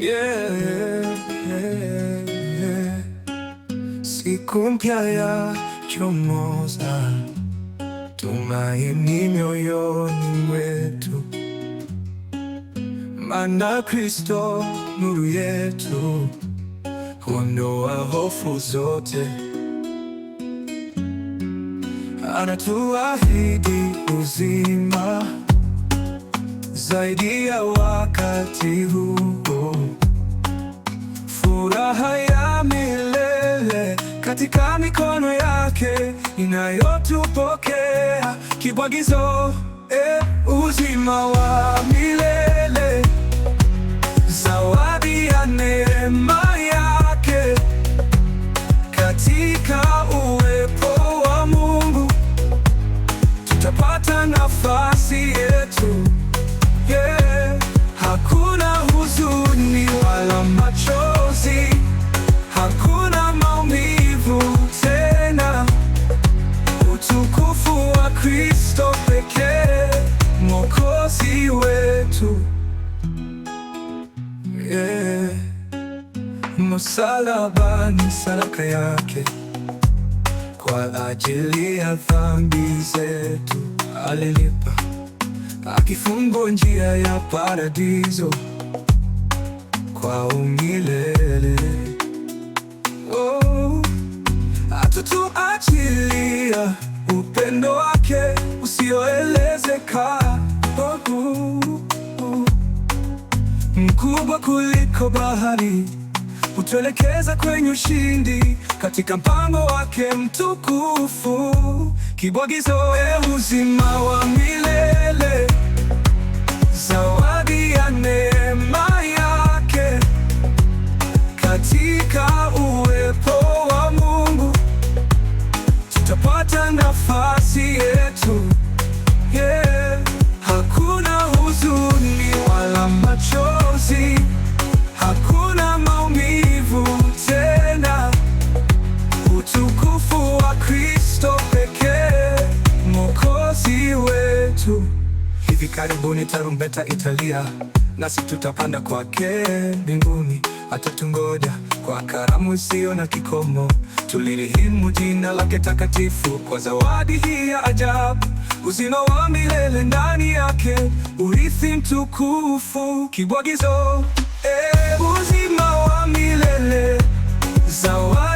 yeah, yeah, yeah. Siku mpya ya chomoza, tumaini mioyoni mwetu, mana Kristo nuru yetu huondoa hofu zote, anatuahidi uzima zaidi ya wakati huu furaha ya milele katika mikono yake inayotupokea kibwagizo, e, uzima wa milele zawadi ya neema Kristo pekee Mwokozi wetu yeah. Msalaba ni sadaka yake kwa ajili ya dhambi zetu, alilipa akifungua njia ya paradiso kwa umile kubwa kuliko bahari, hutuelekeza kwenye ushindi katika mpango wake mtukufu, kibwagizo ya uzima wa milele, zawadi ya neema Hivi karibuni tarumbeta italia, nasi tutapanda kwake mbinguni. Atatungoja kwa karamu isiyo na kikomo. Tulilihimu jina lake takatifu kwa zawadi hii ya ajabu, uzima wa milele ndani yake, urithi mtukufu, kibwagizo, e, uzima wa milele zawadi